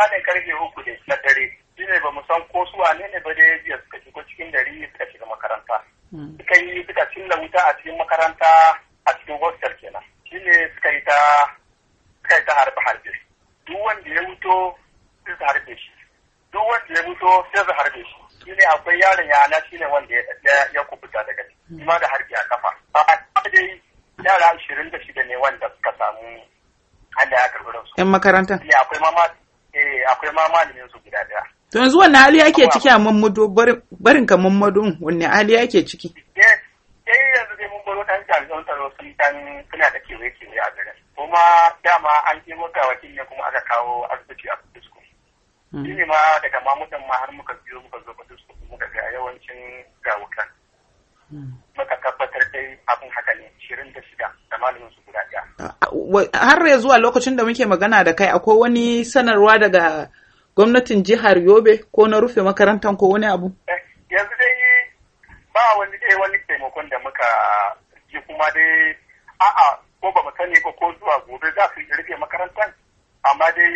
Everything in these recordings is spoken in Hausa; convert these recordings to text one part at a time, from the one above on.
misalin karfe uku da na dare shi ne ba mu san ko su wane ne ba da ya jiya suka shigo cikin gari suka shiga makaranta hmm. suka yi suka cinna wuta a cikin makaranta a cikin hostel kenan shi ne suka yi ta suka yi ta harbe harbe duk wanda ya wuto sai su harbe shi duk wanda ya wuto sai su harbe shi shi ne akwai yaron yana shi ne wanda ya ya kubuta daga shi ma da harbe a kafa a dai yara ashirin da shida ne wanda suka samu Allah ya karɓi su. 'Yan makaranta? Ne akwai mama akwai ma malamin su guda daya to yanzu wanne hali yake ciki a mammado barin ka mammado wanne hali yake ciki eh, eh yanzu dai mun baro dan jami'an tsaro sun kan suna da kewaye kewaye a garin kuma dama an je mota wakil ne kuma aka kawo asibiti a Kudu hmm. shi ne ma daga mamutan ma har muka biyo muka zo Kudu muka ga yawancin gawukan hmm. muka tabbatar dai abin haka ne shirin da shida malamin su Har ya zuwa lokacin da muke magana da kai akwai wani sanarwa daga gwamnatin jihar Yobe ko na rufe makarantar ko wani abu? Eh, yanzu dai ba wani dai eh, wani taimakon da muka ji kuma dai a'a ko ba mu sani ba ko zuwa gobe za su rufe makarantar amma dai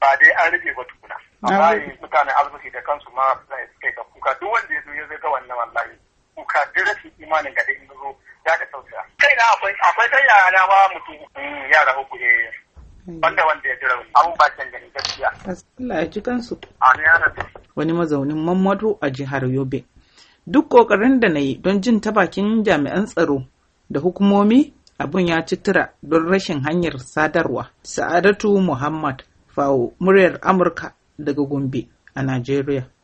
ba dai an rufe ba tukuna. Amma mutane arziki da kansu ma za su kai ka kuka duk wanda ya zo ya zai ga wannan wallahi kuka duk rashin imanin ga dai akwai wani mazaunin Mamadu a jihar Yobe duk kokarin da na yi don jin ta bakin jami'an tsaro da hukumomi abun ya ci tura don rashin hanyar sadarwa sa'adatu muhammad fawo muryar amurka daga gombe a najeriya